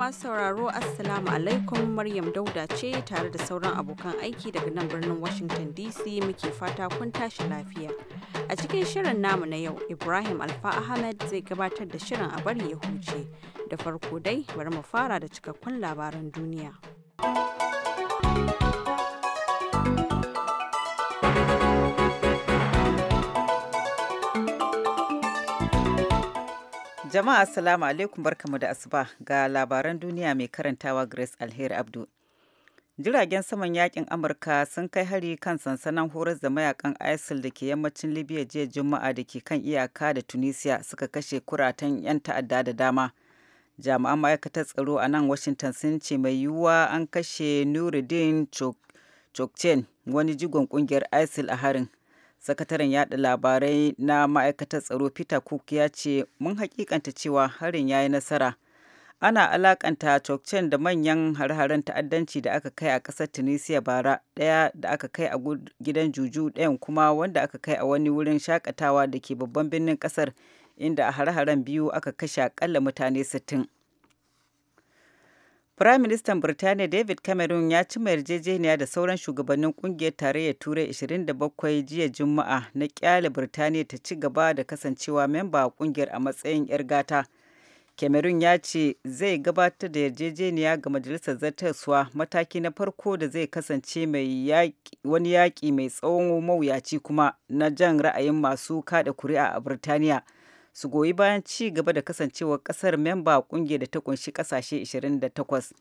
masu sauraro Assalamu alaikum Maryam Dauda ce tare da sauran abokan aiki daga nan birnin Washington DC muke fata kun tashi lafiya. A cikin shirin namu na yau, Ibrahim Alfa Ahmed zai gabatar da shirin a bari ya huce. Da farko dai bari mu fara da cikakkun labaran duniya. Jama'a assalamu alaikum barkamu da asuba ga labaran duniya mai karantawa Grace Alheri Abdu. Jiragen saman yakin Amurka sun kai hari kan sansanin horar da mayakan ISIL da ke yammacin Libya jiya Juma'a da ke kan iyaka da Tunisia suka kashe kuratan 'yan ta'adda da dama. Jami'an ma'aikatar tsaro a nan Washington sun ce mai yiwuwa an kashe Nuruddin Chokchen wani jigon kungiyar ISIL a harin. sakataren yaɗa labarai na ma'aikatar tsaro peter cook ya ce mun hakikanta cewa harin ya yi nasara ana alakanta Chokchen da manyan har-haren ta'addanci da aka kai a ƙasar tunisia bara ɗaya da aka kai a gidan juju ɗayan kuma wanda aka kai a wani wurin shakatawa da ke babban birnin ƙasar inda a har-haren biyu aka kashe akalla mutane 60 Firaministan Birtaniya David Cameron ya cima yarjejeniya da sauran shugabannin kungiyar tarayyar Turai 27 jiya Juma'a na kyale Birtaniya ta ci gaba da kasancewa memba kungiyar a matsayin 'yar gata. Cameron ya ce zai gabatar da yarjejeniya ga majalisar zartaswa mataki na farko da zai kasance mai wani yaƙi mai tsawon mawuyaci kuma na jan ra'ayin masu kaɗa kuri'a a Birtaniya. su goyi bayan ci gaba da kasancewar kasar memba kungiyar da ta kunshi kasashe 28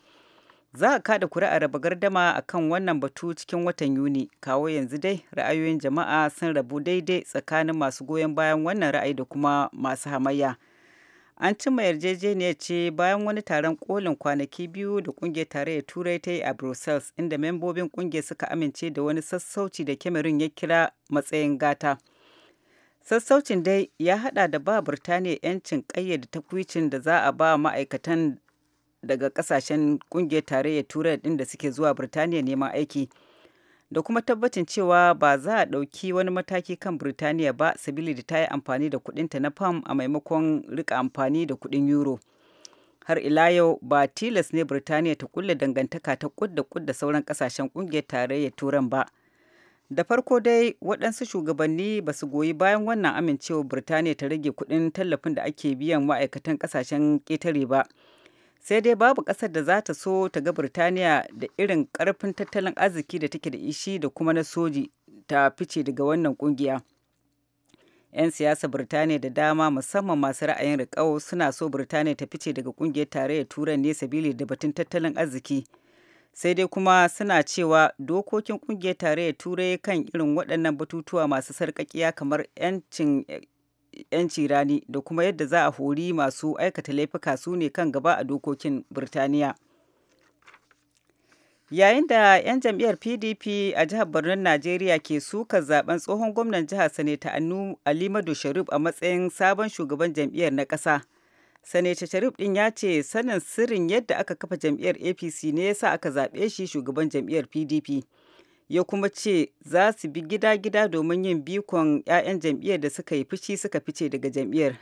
za a kada kuri'a raba gardama a kan wannan batu cikin watan yuni kawo yanzu dai ra'ayoyin jama'a sun rabu daidai tsakanin masu goyon bayan wannan ra'ayi da kuma masu hamayya an cimma yarjejeniyar ce bayan wani taron kolin kwanaki biyu da kungiyar tarayyar turai ta yi a brussels inda membobin kungiyar suka amince da wani sassauci da cameroon ya kira matsayin gata Sassaucin dai ya hada da ba Birtaniya 'yancin ƙayyade takwicin da za a ba ma'aikatan daga kasashen kungiyar tarayyar turai din da suke zuwa Birtaniya neman aiki. Da kuma tabbacin cewa ba za a ɗauki wani mataki kan Birtaniya ba sabili da ta yi amfani da kuɗinta na fam a maimakon rika amfani da kuɗin euro. har ila yau ba tilas ne Birtaniya ta kulle dangantaka ta kud da kud da sauran kasashen kungiyar tarayyar turan ba da farko dai waɗansu shugabanni ba su goyi bayan wannan amincewar birtaniya ta rage kuɗin tallafin da ake biyan ma'aikatan ƙasashen ƙetare ba sai dai babu ƙasar da za ta so ta ga birtaniya da irin ƙarfin tattalin arziki da take da ishi da kuma na soji ta fice daga wannan ƙungiya 'yan siyasa birtaniya da dama musamman masu ra'ayin riƙau suna so birtaniya ta fice daga ƙungiyar tarayyar turai ne sabili da batun tattalin arziki sai dai kuma suna cewa dokokin kungiyar tarayyar turai kan irin waɗannan batutuwa masu sarƙaƙiya kamar 'yancin yanci rani da kuma yadda za a hori masu aikata laifuka su ne kan gaba a dokokin birtaniya yayin da 'yan jam'iyyar pdp a jihar birnin najeriya ke sukar zaben tsohon gwamnan jihar sanata alimadu madu sharif a matsayin sabon shugaban jam'iyyar na ƙasa Sanata Sharif din ya ce sanin sirrin yadda aka kafa jam'iyyar APC ne yasa aka zaɓe shi shugaban jam'iyyar PDP. Ya kuma ce za su bi gida-gida domin yin bikon 'ya'yan jam'iyyar da suka yi fici suka fice daga jam'iyyar.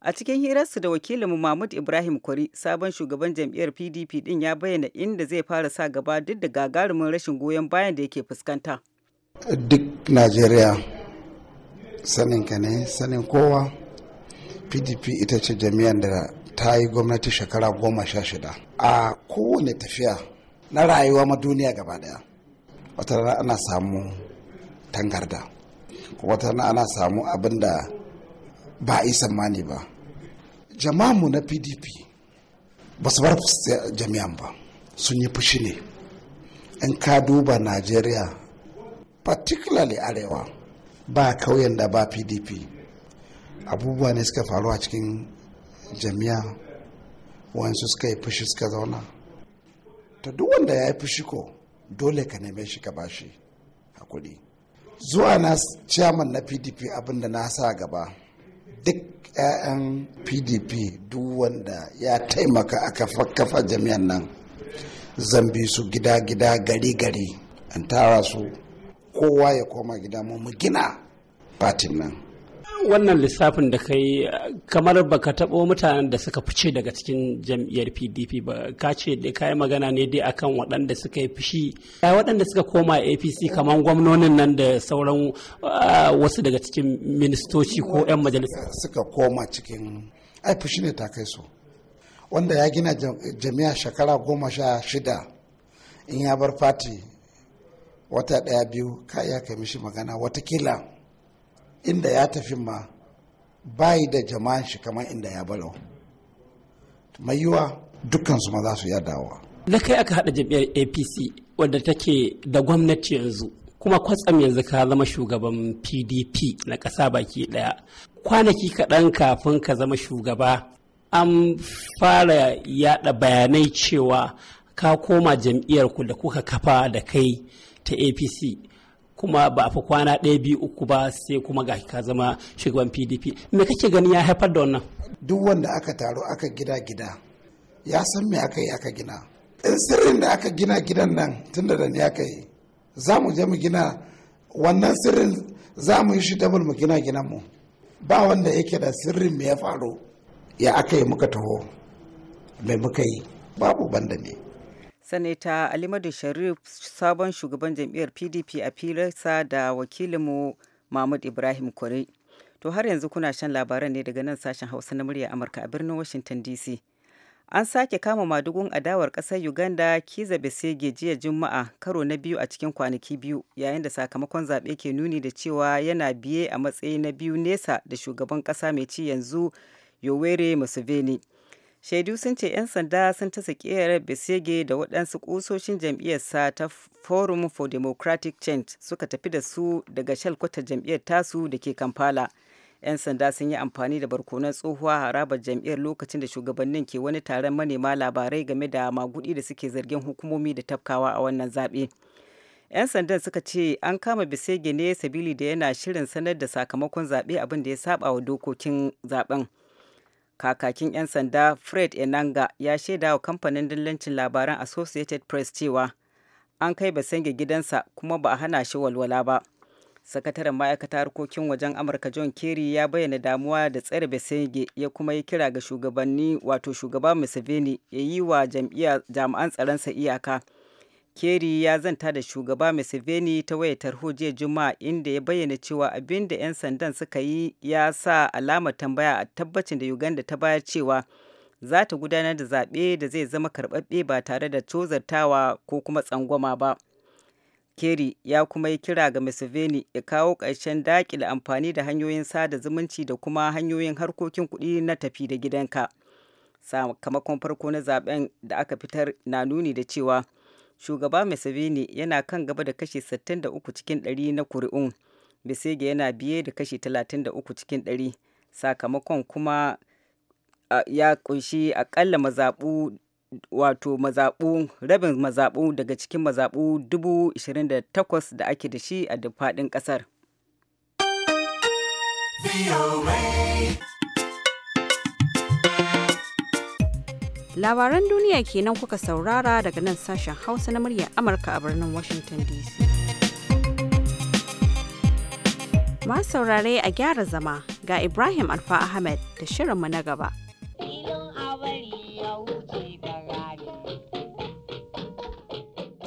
A cikin hirarsu da wakilinmu Mahmud Ibrahim Kwari, sabon shugaban jam'iyyar PDP din ya bayyana inda zai fara sa gaba duk da gagarumin rashin goyon bayan da yake fuskanta. Duk Najeriya sanin ka ne, sanin kowa. pdp ita ce jami'an da ta yi gwamnati shekara goma sha shida a kowane tafiya na rayuwa ma duniya gaba daya wata rana ana samu tangarda wata rana ana samu abin da ba a yi tsammani ba mu na pdp ba su bar jami'an ba sun yi fushi ne in ka duba najeriya particularly arewa ba kauyen da ba pdp abubuwa ne suka faru a cikin jami'a wansu suka yi fushi suka zauna ta duk wanda ya yi fushi ko dole ka neme shi ka bashi hakuri zuwa na chairman na pdp abinda na sa gaba duk 'ya'yan pdp duk wanda ya taimaka a kafa jami'an nan zan bi su gida-gida gari-gari an tara su kowa ya koma gida mu gina fatin nan wannan lissafin da kai kamar baka taɓo mutanen da suka fice daga cikin jam'iyyar pdp ba ka ce da ka yi magana ne dai akan waɗanda suka yi fishi ya waɗanda suka koma apc kamar gwamnonin nan da sauran ah, wasu daga cikin ministoci ko 'yan majalisa suka koma cikin ai fishi ne ta kai su wanda ya gina jami'a shekara goma sha shida in ya bar fati wata ɗaya biyu ka iya kai mishi magana watakila inda ya tafi ma bayi da jama'an shi kamar inda ya balo mai yiwa dukkansu ma za su yadawa na kai aka haɗa jam'iyyar apc wadda take da gwamnati yanzu kuma kwatsam yanzu ka zama shugaban pdp na ƙasa baki ɗaya kwanaki kaɗan kafin ka zama shugaba an fara yada bayanai cewa ka koma jam'iyyar ku da kuka kafa da kai ta apc kuma ba a fi kwana ɗaya biyu uku ba sai kuma ga ka zama shugaban pdp me kake gani ya haifar da wannan duk wanda aka taro aka gida gida ya san me aka yi aka gina in sirrin da aka gina gidan nan tun da ni aka yi za mu je mu gina wannan sirrin za mu yi shi dabal mu gina ginan mu ba wanda yake da sirrin me ya faru ya aka yi muka taho me muka yi babu banda ne sanata alimadu sharif sabon shugaban jam'iyyar pdp a filarsa da wakilinmu mahmud ibrahim kore to har yanzu kuna shan labaran ne daga nan sashen hausa na murya amurka a birnin washington dc an sake kama madugun adawar kasar uganda kiza besege jiya juma'a karo na biyu a cikin kwanaki biyu yayin da sakamakon zaɓe ke nuni da cewa yana biye a matsayi na biyu nesa da shugaban ƙasa mai ci yanzu yoweri museveni shaidu sun ce 'yan sanda sun ta sakiyar besege da waɗansu ƙusoshin sa ta forum for democratic change suka tafi da su daga shalkwata jam'iyyar tasu da ke kampala 'yan sanda sun yi amfani da barkonan tsohuwa harabar jam'iyyar lokacin da shugabannin ke wani taron manema labarai game da magudi da suke zargin hukumomi da tafkawa a wannan zaɓe. 'yan sandan suka ce an kama bisege ne sabili da yana shirin sanar da sakamakon zaɓe abin da ya saba wa dokokin zaɓen. kakakin 'yan sanda fred enanga ya shaida wa kamfanin dillancin labaran associated press cewa an kai basenge gidansa kuma ba a hana shi walwala ba sakataren ma'aikata harkokin wajen amurka john kerry ya bayyana damuwa da tsare basenge ya kuma yi kira ga shugabanni wato shugaba museveni ya yi wa jami'an tsaronsa iyaka Kerry ya zanta da shugaba Museveni ta wayar tarho jiya Juma'a inda ya bayyana cewa abin da 'yan sandan suka yi ya sa alamar tambaya a tabbacin da Uganda ta bayar cewa za ta gudanar da zaɓe da zai zama karɓaɓɓe ba tare da tozartawa ko kuma tsangwama ba. Kerry ya kuma yi kira ga Museveni ya kawo ƙarshen daƙile amfani da hanyoyin sada zumunci da kuma hanyoyin harkokin kuɗi na tafi da gidanka. Sakamakon farko na zaɓen da aka fitar na nuni da cewa shugaba museveni yana kan gaba da kashi 63 cikin 100 na kuri'un bisege yana biye da kashi 33 cikin 100 sakamakon kuma ya kunshi akalla mazaɓu wato mazaɓu rabin mazaɓu daga cikin mazaɓu 28,000 da ake da shi a duk faɗin ƙasar. Labaran duniya kenan kuka saurara daga nan sashen Hausa na muryar Amurka a birnin Washington DC. Masu saurare a gyara zama ga Ibrahim Alfa Ahmed da shirinmu na gaba.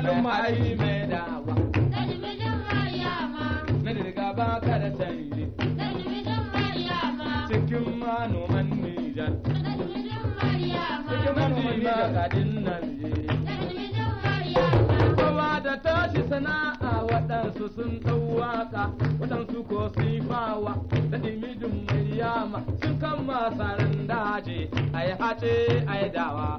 hankalin mu mai dawa na ba ka da cikin manoman nijar cikin kowa da tashi sana'a waɗansu sun ɗau waka waɗansu ko sifawa da dimidin mai yama sun kan masaran daji ai hace ai dawa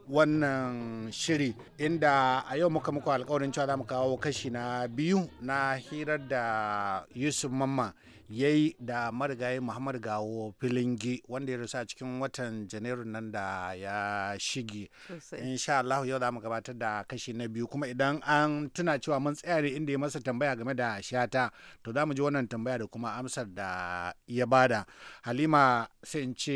wannan shiri inda a yau muka muku alkawarin cewa za mu kawo kashi na biyu na hirar da yusuf mamma ya yi da marigayi muhammad gawo filingi wanda ya rusa cikin watan janairu nan da ya shige insha allahu yau za mu gabatar da kashi na biyu kuma idan an tuna cewa mun tsayare inda ya masa tambaya game da shata to za mu ji wannan tambaya da kuma amsar da ya bada halima sai in ce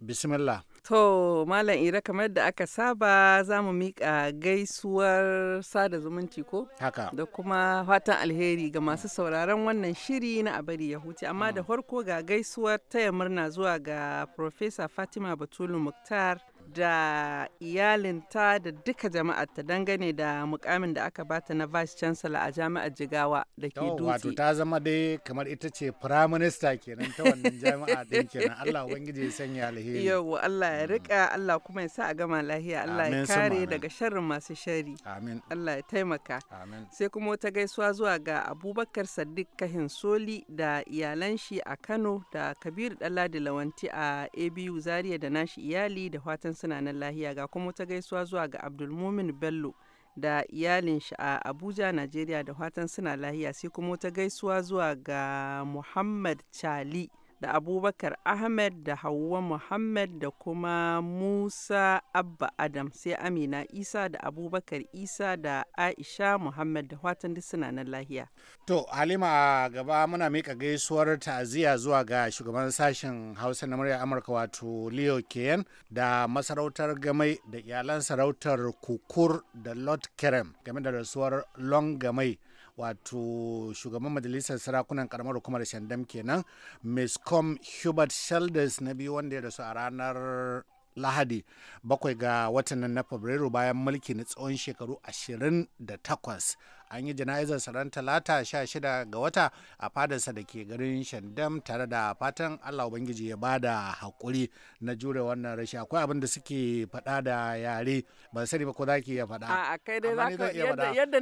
bismillah To, Malam Ira kamar da aka saba za mu miƙa gaisuwar sada zumunci ko? Haka. Da kuma fatan alheri ga masu sauraron wannan shiri na abari ya huce. Amma da mm. farko ga gaisuwar taya murna zuwa ga Profesa Fatima Batulu Muktar da iyalinta da duka jama'arta dangane da mukamin da aka bata na vice chancellor a jami'ar jigawa da ke dutse wato ta zama dai kamar ita ce prime minister kenan ta wannan jami'a din kenan Allah ubangiji ya sanya alheri yawa Allah ya mm. rika Allah kuma ya sa a gama lahiya Allah ya kare daga sharrin masu shari amin Allah ya taimaka amin sai kuma wata gaisuwa zuwa ga Abubakar Sadiq Kahin Soli da iyalan shi a Kano da Kabiru Dalladi Lawanti a ABU Zaria da nashi iyali da fatan suna nan lahiya ga kuma ta gaisuwa zuwa ga Abdulmumin Bello da iyalin shi a Abuja, nigeria da fatan suna lahiya sai kuma ta gaisuwa zuwa ga Muhammad Chali da abubakar ahmed da hauwa muhammad da kuma musa abba adam sai amina isa da abubakar isa da aisha muhammad da watan duk suna nan lahiya to halima gaba muna mika gaisuwar ta'aziyya zuwa ga shugaban sashen hausa na murya amurka wato leo kien da masarautar gamai da iyalan sarautar kukur da lord kerem game da rasuwar long gamai wato shugaban majalisar sarakunan karamar hukumar shandam kenan miscom hubert shelders na biyu wanda ya rasu a ranar lahadi bakwai ga watan na fabrairu bayan mulki na tsawon shekaru 28 an yi jana'izar saran talata 16 ga wata a fadarsa da ke garin shandam tare da fatan allah ubangiji ya ba da haƙuri na jure wannan rashi akwai abin da suke faɗa da yare ba sani ba ko za ki iya faɗa a kai dai za ka yadda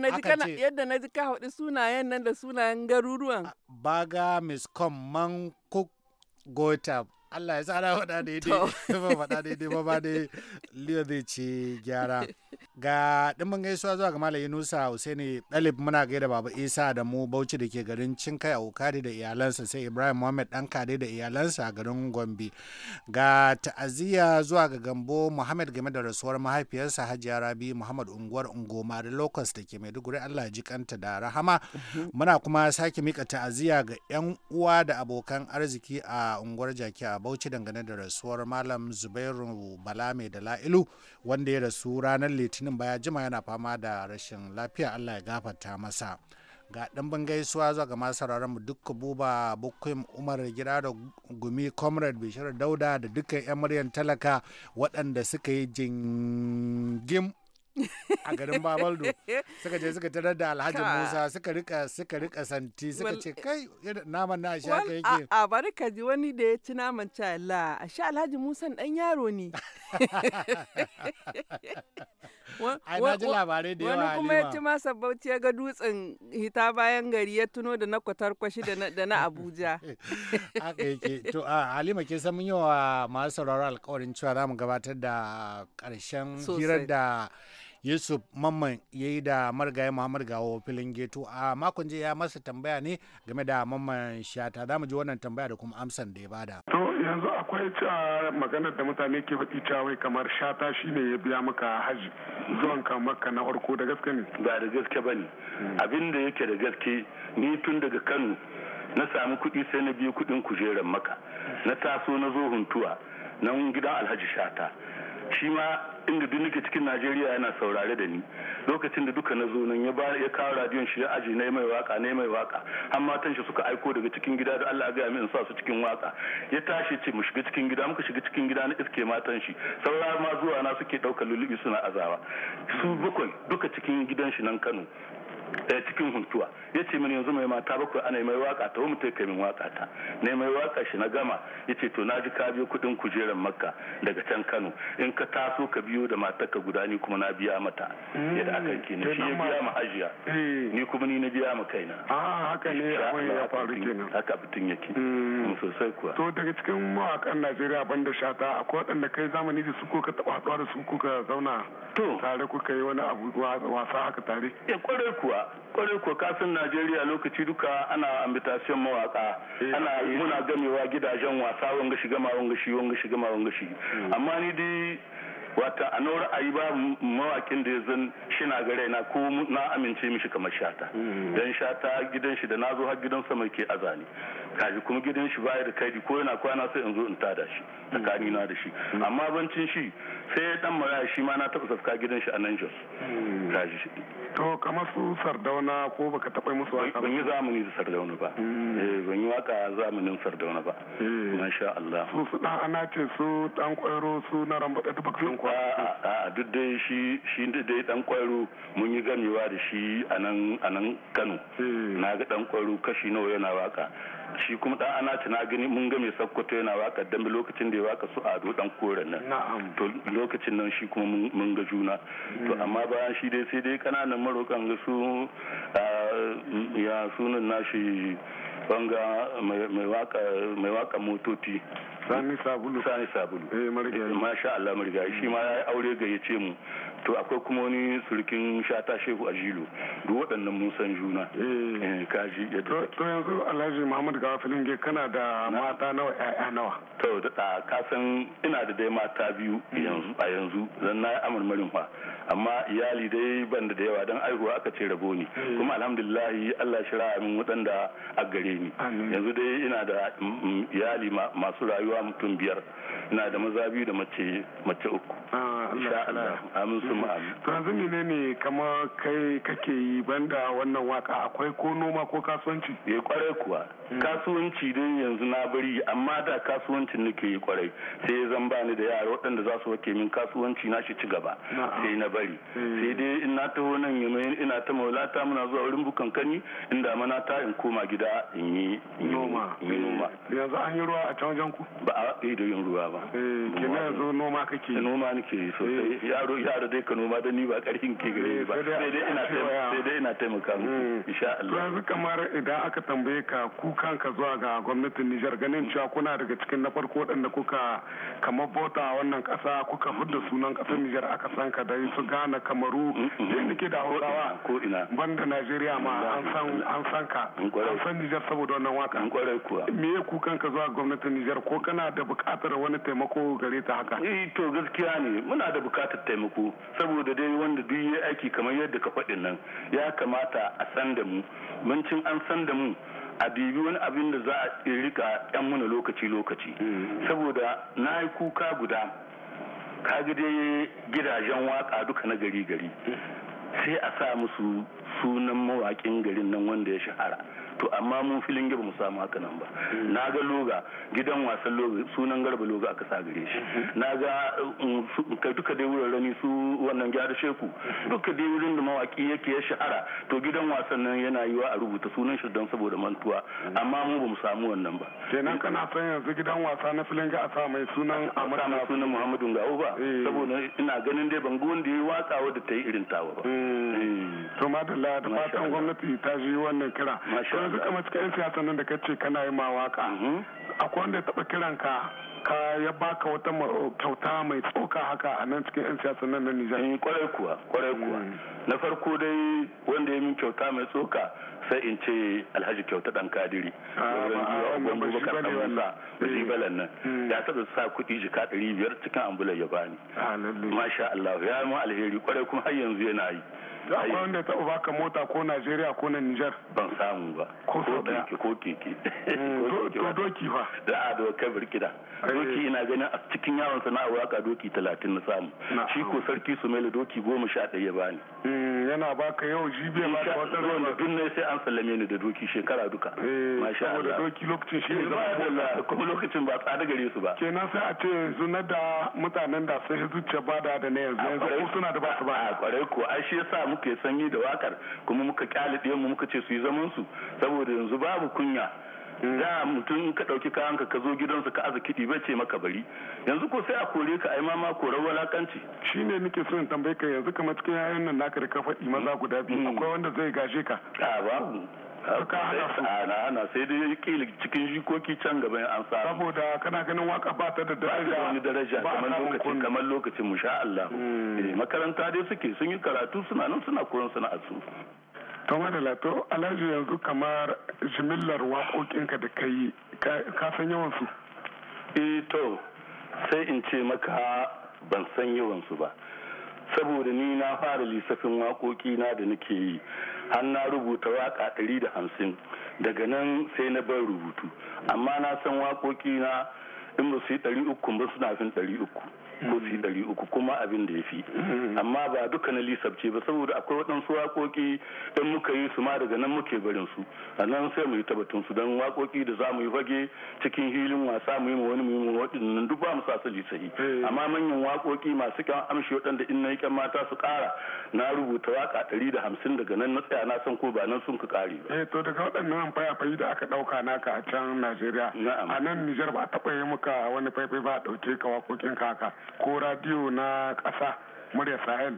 na ji ka haɗi sunayen nan da sunayen garuruwan baga miscom man cook gota Allah ya tsara faɗa daidai ba faɗa daidai ba ba dai liyo zai ce gyara Ga ɗimbin gaisuwa zuwa ga Malam Yunusa Husaini Dalib muna gaida Baba Isa da mu Bauchi da ke garin Cinkai a Ukari da iyalansa sai Ibrahim Muhammad Dan Kade da iyalansa a garin Gombe. Ga ta'aziyya zuwa ga Gambo Muhammad game da rasuwar mahaifiyarsa Hajiya Rabi Muhammad Unguwar Ungoma da Locust da ke Maiduguri Allah ji kanta da rahama. Muna kuma sake mika ta'aziyya ga 'yan uwa da abokan arziki a unguwar Jaki a Bauchi dangane da rasuwar Malam Zubairu Balame da La'ilu wanda ya rasu ranar litinin baya jima yana fama da rashin lafiya allah ya gafarta masa ga ɗimbin gaisuwa zuwa ga masararen mu dukka buba bukwim umar gida da gumi comrade bishir dauda da dukkan 'yan muryan talaka waɗanda suka yi jingim a garin babaldo suka je suka tarar da alhaji musa suka rika suka rika santi suka ce kai naman na sha ka yake a bari ka ji wani da ya ci naman ci Allah a sha alhaji musa dan yaro ne ai na ji labarai da yawa wani kuma ya ci masa bauchi ya ga dutsen hita bayan gari ya tuno da na kwatarkwashi da na abuja haka yake to halima ke san mun yi wa masu sauraro alkawarin cewa za mu gabatar da karshen hirar da yusuf mamman ya yi da margaya muhammad gawo filin geto a makon jiya ya masa tambaya ne game da mamman shata za mu ji wannan tambaya da kuma amsan da ya bada to yanzu akwai maganar da mutane ke faɗi cawai kamar shata shine ya biya maka haji zuwan ka maka na farko da gaske ne ba da gaske bane abin da yake da gaske ni tun daga kano na sami kuɗi sai na biyu kuɗin kujerar maka na taso na zo huntuwa nan gidan alhaji shata shi ma inda duk nake cikin Najeriya yana saurare da ni lokacin da duka na zo nan ya bar ya kawo radiyon shi ya aje na mai waka na mai waka har matan shi suka aiko daga cikin gida da Allah ya ga min sa su cikin waka ya tashi ce mu shiga cikin gida muka shiga cikin gida na iske matan shi saura ma zuwa na suke daukar lulubi suna azawa su bakwai duka cikin gidan shi nan Kano cikin huntuwa ya ce mini yanzu mai mata bakwai ana mai waka ta wani ta kamin waka ta ne mai waka shi na gama ya ce to na ji ka biyo kudin kujerar makka daga can kano in ka taso ka biyo da matar ka guda ni kuma na biya mata mm. yadda aka ke ni shi ya biya ma hajiya eh. ni kuma ni na biya ma kaina a ah, haka ne abin ya faru kenan haka bitin yake mm. sosai kuwa to daga cikin mawakan najeriya banda shata akwai waɗanda kai zamani da su ko ka taɓa haɗuwa da su ko ka zauna tare kuka yi wani abu wasa haka tare ya eh, kware kuwa ba kwarai ko kasan najeriya lokaci duka ana ambitation mawaka eh. ana muna gamewa gidajen wasa wanga shi gama wanga shi wanga shiga gama wanga shi hmm. amma ni dai wata a nora a yi babu mawakin da ya zan shina gare na ko na amince mishi kamar shata hmm. dan shata gidan shi da na zo har gidan sama ke azani kaji kuma gidan shi baya da kaidi ko yana kwana sai in zo in tada shi tsakani na da shi hmm. amma bancin shi sai dan maraya shi ma na taɓa safka gidan shi a nan jos hmm. kaji to kamar su sardauna ko baka taɓa musu waka ban yi zamani da sardauna ba hmm. eh ban yi waka zamanin sardauna ba hmm. masha Allah su su dan ana ce su dan kwairo su na rambaɗa da bakin kwa a duk dai shi shi dai dan kwairo mun yi gamewa da shi a nan a nan Kano na ga dan kwairo kashi nawa yana waka shi kuma dan ana na gani mun ga mai sakkwato yana waka dan lokacin da ya waka su ado dan koren nan na'am lokacin nan shi kuma mun ga juna to hmm. amma bayan shi dai sai dai kananan marokan ga su ya sunan nashi banga mai waka motoci sani sabulu sani sabulu eh marigayi eh, masha Allah marigayi shi ma ya aure yace mu to akwai kuma wani surkin shata shehu ajilu duk waɗannan mun san juna eh, eh kaji ya to yanzu Alhaji Muhammad Gawafilin ge kana da mata nawa ƴaƴa nawa to da ka san ina da dai mata biyu mm. yanzu a yanzu zan na amarmarin fa amma iyali dai ban da yawa don aihuwa aka ce rabo ne eh. kuma alhamdulillahi Allah shi min waɗanda a gare ni yanzu dai ina da mm, mm, iyali masu rayuwa mutum biyar ina da maza biyu da mace mace uku ah. insha Allah amin su ma'am to yanzu ne kama kai kake yi banda wannan waka akwai ko noma ko kasuwanci eh kwarai kuwa hmm. kasuwanci din yanzu na bari amma da kasuwancin nake yi kwarai sai zan ba ni da yara waɗanda za su wake min kasuwanci na shi ci gaba sai na bari hmm. sai dai in na taho nan yamai ina ta maulata muna zuwa wurin bukan kani inda mana ta in koma gida in yi noma eh, yanzu an yi ruwa a can wajen ku ba a yi eh, da yin ruwa ba eh, kenan yanzu noma kake noma nake sosai eh, eh, yaro yaro dai Kano ma da ni ba karfin ke gare ni ba eh, sai dai ina sai dai ina taimaka muku insha Allah yanzu kamar idan aka tambaye ka ku kanka zuwa ga gwamnatin Nijar ganin cewa kuna daga cikin na farko waɗanda kuka kamar bota a wannan ƙasa kuka fidda sunan ƙasar Nijar aka san ka da su Ghana Kamaru mm, mm, mm. da nake da Hausawa ko ina banda Najeriya ma an san an san ka an san Nijar saboda wannan waka me ya ku kanka zuwa gwamnatin Nijar ko kana da buƙatar wani taimako gare ta haka eh to gaskiya ne muna da bukatar taimako saboda dai wanda duk ya aiki kamar yadda ka faɗin nan ya kamata a san da mu cin an san da mu a bibi wani abin da za a rika yan muna lokaci lokaci mm. saboda na yi kuka guda ka dai gidajen waka duka na gari gari mm. sai a sa musu sunan mawaƙin garin nan wanda ya shahara to amma mun filin ba mu samu haka nan ba hmm. na ga loga gidan wasan loga sunan garba loga aka sa gare shi hmm. na ga um, kai duka dai wurin rani su wannan gyara sheku hmm. duka dai wurin da mawaki yake ya shahara to gidan wasan nan yana yiwa a rubuta sunan shi don saboda mantuwa amma mu bamu mu samu wannan ba kenan kana san yanzu gidan wasa na filin ga a sa mai sunan amurka na sunan muhammadu gawo ba eh. saboda ina ganin dai ban da ya watsa wadda ta yi irin tawa ba eh. to madalla da fatan gwamnati ta ji wannan kira yanzu kamar cikin 'yan siyasa nan da ka ce kana yi ma waka mhm. akwai wanda ya taɓa kiran ka ka ya baka wata kyauta mai tsoka haka a nan cikin 'yan siyasa nan na Nijar. Eh, kwarai kuwa kwarai kuwa mm. na farko dai wanda ya min kyauta mai tsoka sai in ce alhaji kyauta dan kadiri ah, eh. balan nan mm. ya taɓa sa kuɗi jika ɗari biyar cikin ambulan ya bani masha Allah ya mu alheri kwarai kuma har yanzu yana yi akwai wanda taɓa baka mota ko Najeriya ko na Nijar? Ban samu ba. Ko keke Ko keke. Mm, ko doki fa. Da a doka birkida. doki ina ganin a cikin yawon na waka doki talatin na samu shi ko sarki su mai doki goma sha ɗaya ya bani eh, yana baka yau jibe ma da wata ruwan da duk sai an sallame ni da doki shekara duka eh, masha Allah doki lokacin shi ne zama kuma lokacin ba tsada gare su ba kenan sai a ce yanzu na da mutanen da sai zuciya bada da na yanzu yanzu ko suna da ba su ba a kwarai ko ai shi yasa muke sanyi da wakar kuma muka kyalide mu muka ce su yi zaman su saboda yanzu babu kunya za mutum ka ɗauki kayan ka ka zo gidansa ka aza kiɗi bai ce maka bari yanzu ko sai a kore ka ai ma korar walakanci ne nake so in tambaye ka yanzu kamar cikin yayan nan naka da ka faɗi maza guda biyu mm. akwai wanda zai gashe ka a babu ana sai dai kila cikin jikoki can gaban an sa saboda kana ganin waka ba ta da daraja wani daraja kamar lokacin kamar lokacin musha mm. eh, makaranta dai suke sun yi karatu suna nan suna koyon su to madala to alhaji yanzu kamar jimillar waƙoƙinka da ka yi ka san yawan su eh to sai in ce maka ban san yawansu ba saboda ni na fara lissafin waƙoƙi na da nake yi har na rubuta waƙa ɗari da hamsin daga nan sai na bar rubutu amma na san waƙoƙi na in ba su yi ɗari uku ba suna fin ɗari uku ko su ɗari uku kuma abin da ya fi mm. amma ba duka na lisabce ba saboda akwai waɗansu waƙoƙi don muka yi su ma daga nan muke barin su a nan sai mu yi tabbatun su don waƙoƙi da za mu yi fage cikin hilin wasa mu yi ma wani mu duk ba mu sa su lisahi eh. amma manyan waƙoƙi masu kyan amshi waɗanda in na yi mata su ƙara na rubuta waƙa ɗari da hamsin daga nan na tsaya na san ko ba nan sun ka ƙare ba. Eh, to daga waɗannan fayafayi da aka ɗauka naka a can Najeriya a nan Nijar ba a taɓa yi maka wani faifai ba a ɗauke ka waƙoƙin kaka. ko radiyo na ƙasa murya sahel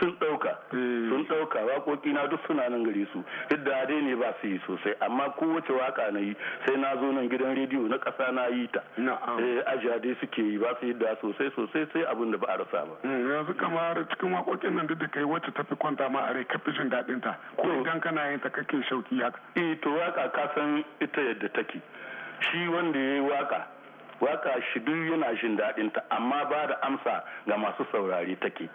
sun ɗauka eh. sun ɗauka waƙoƙi na duk suna nan gare su da dai ne ba su yi sosai amma kowace waka na yi sai na zo nan gidan rediyo na ƙasa na yi ta eh, ajiya dai suke yi ba su yi da sosai sosai sai abin da ba a rasa ba eh, yanzu kamar cikin waƙoƙin nan duk da kai wacce ta fi kwanta ma a rai fi jin daɗin ta ko idan kana yin ta kake shauki haka eh to waka ka san ita yadda take shi wanda ya yi waka waka shi duk yana jin daɗin ta amma ba da amsa ga masu saurari take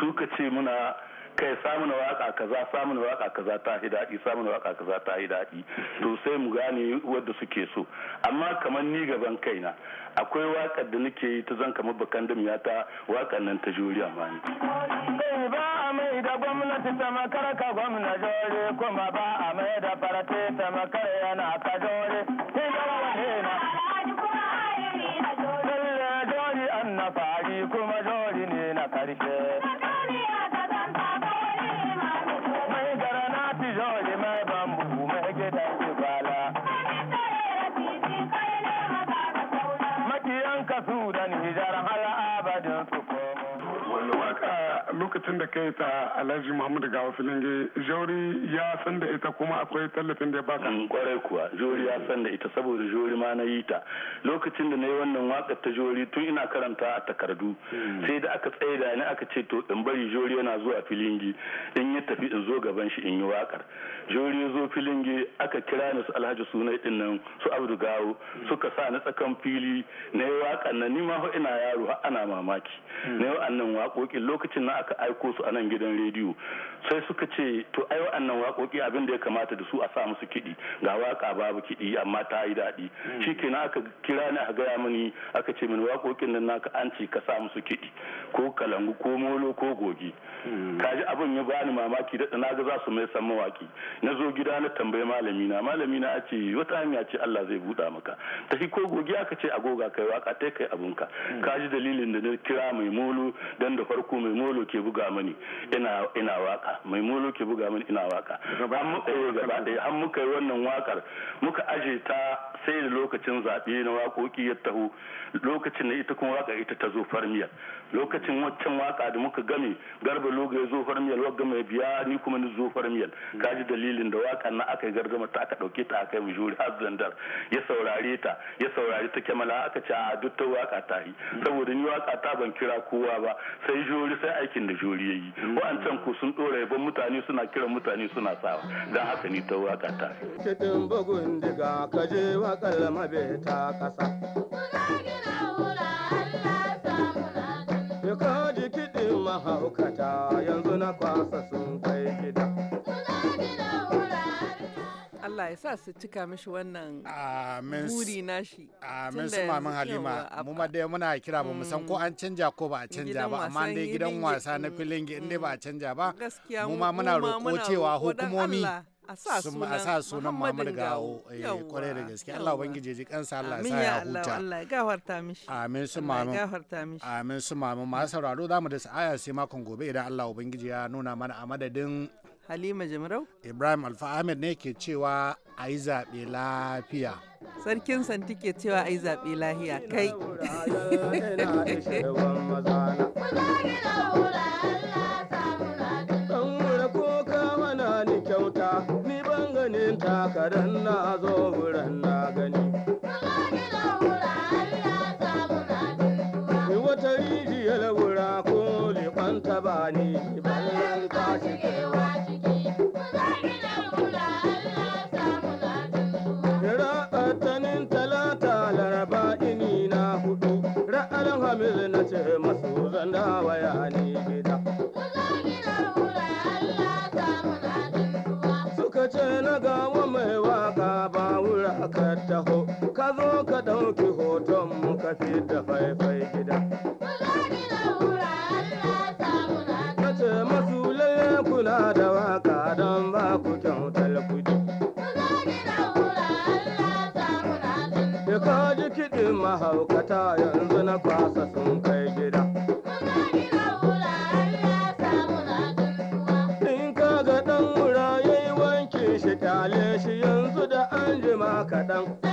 su ka ce muna kai samun waka kaza samun waka kaza ta yi daɗi samun waka kaza ta yi daɗi to sai mu gane wadda suke so amma kamar ni gaban kaina akwai wakar da nake yi ta zan kamar bakan da miyata wakar nan ta juriya ma ni. Eh, ba a mai da gwamnati sama karka gwamna jore kuma ba a mai da farate sama yana ka jore lokacin da kai ta alhaji muhammadu gawa filinge jori ya san da ita kuma akwai tallafin da ya baka mm, kwarai kuwa jori ya san da ita saboda jori ma na yi ta lokacin da na yi wannan wakar ta jori tun ina karanta a takardu mm. sai da aka tsaye da ni aka ce to in bari jori yana zuwa filingi in ya tafi in zo gaban shi in yi wakar jori ya zo filingi aka kira ni su alhaji suna din nan su abdu gawo mm. suka sa ni tsakan fili na yi wakar na ni ma ina yaro har ana mamaki na yi wa'annan waƙoƙin lokacin na aka aiko su a nan gidan rediyo sai suka ce to ai wa'annan waƙoƙi abin da ya kamata da su a sa musu kiɗi ga waƙa babu kiɗi amma ta yi daɗi hmm. shi kenan aka kira ni a gaya mini aka ce mini waƙoƙin nan naka an ce ka sa musu kiɗi ko kalangu ko molo ko gogi hmm. kaji abin ya bani mamaki daɗa na ga za su mai san mawaki na zo gida na tambayi malami na malami na ce wata hanya ce Allah zai buɗa maka ta ko gogi aka ce a goga kai waka ta kai ka. Hmm. Ka ji dalilin da na kira mai molo dan da farko mai molo ke buga mani ina ina waka mai mulu ke buga min ina waka an muka yi wannan wakar muka aje ta sai da lokacin zaɓe na wakoki ya taho lokacin da ita kuma waka ita ta zo farmiyar lokacin waccan waka da muka gami garba loga ya zo farmiyar waka mai biya ni kuma ni zo farmiyar hmm. kaji dalilin da waka na aka yi gargama ta aka ɗauke ta aka yi mujuri har zandar ya saurare ta ya saurare ta kyamala aka ce a duk ta waka ta yi hmm. saboda ni waka ta ban kira kowa ba sai jori sai aikin da jori ya yi hmm. wa'ancan ku sun ɗora yabon mutane suna kiran mutane suna sawa don haka ni ta waka ta cikin bugun diga ka je wa kalma ta kasa ka ji kiɗin mahaukata yanzu na kwasa sun kai gida Allah ya sa su cika mishi wannan buri nashi. Amin su mamin Halima. Mu ma dai muna kira ba mu san ko an canja ko ba a canja ba amma dai gidan wasa na filin in dai ba a mm. canja ba. Mu ma muna roƙo cewa hukumomi. a sa sunan Muhammadu Gawo kwarai eh, da gaske Allah ubangiji ji kansa Allah sa ya huta amin su mamu amin su mamu ma sauraro zamu da sa'aya sai makon gobe idan Allah ubangiji ya nuna mana a madadin Halima Jimarau. Ibrahim Alfa Ahmed ne ke cewa a yi zaɓe lafiya. Sarkin Santi ke cewa a yi zaɓe lafiya kai. Ni ban ganin takarar na zo wurin na gani. ka zo ka ɗauki hoton mu ka da faifai gida. Kace masu lalle kula da waka don ba ku kyautar kuɗi. Ka ji kiɗin mahaukata yanzu na kwasa sun kai gida. In ka ga ɗan wura wanke shi shi yanzu da anjima kaɗan.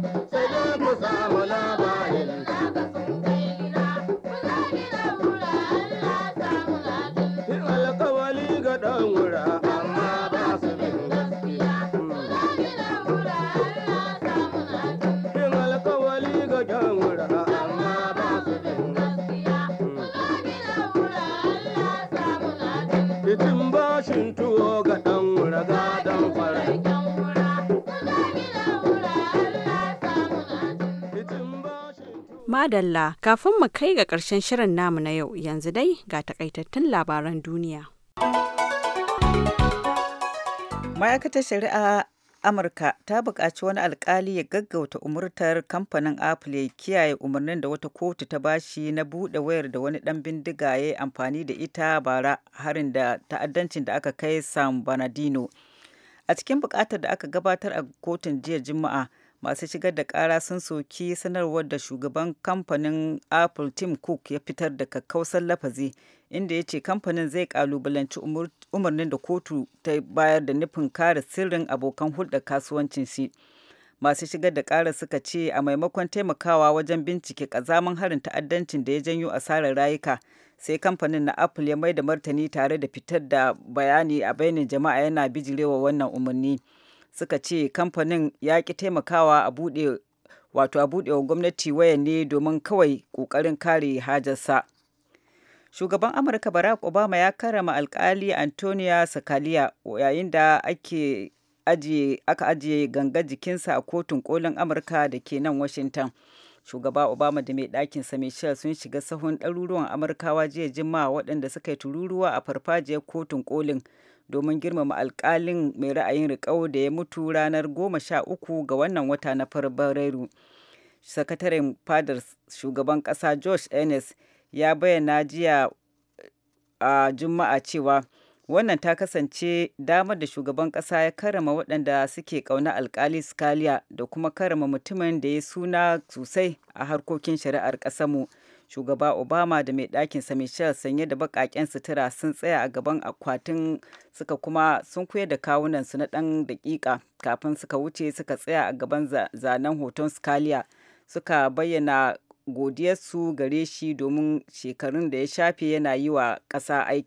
madalla kafin mu kai ga ƙarshen shirin namu na yau yanzu dai ga takaitattun labaran duniya. Ma'aikatar Shari'a Amurka ta buƙaci wani alkali ya gaggauta umurtar kamfanin Apple ya kiyaye umarnin da wata kotu ta bashi na buɗe wayar da wani ɗan bindiga ya yi amfani da ita bara harin da ta'addancin da aka kai San Bernardino. A cikin buƙatar da aka gabatar a kotun jiya Juma'a, masu shigar da kara sun soki sanarwar da shugaban kamfanin apple tim cook ya fitar da kakkausar lafazi inda ya ce kamfanin zai kalubalanci umarnin da kotu ta bayar da nufin kare sirrin abokan hulɗar kasuwancin shi masu shigar da kara suka ce a maimakon taimakawa wajen bincike kazaman harin ta'addancin da ya janyo asarar rayuka sai kamfanin na apple ya mai da martani tare da fitar da bayani a bainin jama'a yana bijirewa wannan umarni. suka ce kamfanin ya ki taimakawa a buɗe wato a buɗe wa gwamnati waya ne domin kawai ƙoƙarin kare hajarsa. Shugaban Amurka Barack Obama ya karama alkali Antonia Sakaliya yayin da ake ajiye aka ajiye ganga jikinsa a kotun kolin Amurka da ke nan Washington. Shugaba Obama da mai sa Michelle sun shiga sahun ɗaruruwan Amurkawa jiya Juma'a waɗanda suka yi tururuwa a farfajiyar kotun kolin domin girmama alkalin mai ra'ayin riƙau da ya mutu ranar goma sha uku ga wannan wata na fabrairu sakataren fadar shugaban ƙasa george ennis ya bayyana jiya a juma'a cewa wannan ta kasance damar da shugaban ƙasa ya karama waɗanda suke ƙauna alkali scalia da kuma karama mutumin da ya suna sosai a harkokin shari'ar ƙasarmu. mu shugaba obama da mai sa michelle sanye da baƙaƙen sutura sun tsaya a gaban akwatin suka kuma sun kuyar da kawunansu na ɗan daƙiƙa kafin suka wuce suka tsaya a gaban zanen hoton scalia suka bayyana godiyarsu gare shi domin shekarun da ya shafe yana yi wa ƙasa aiki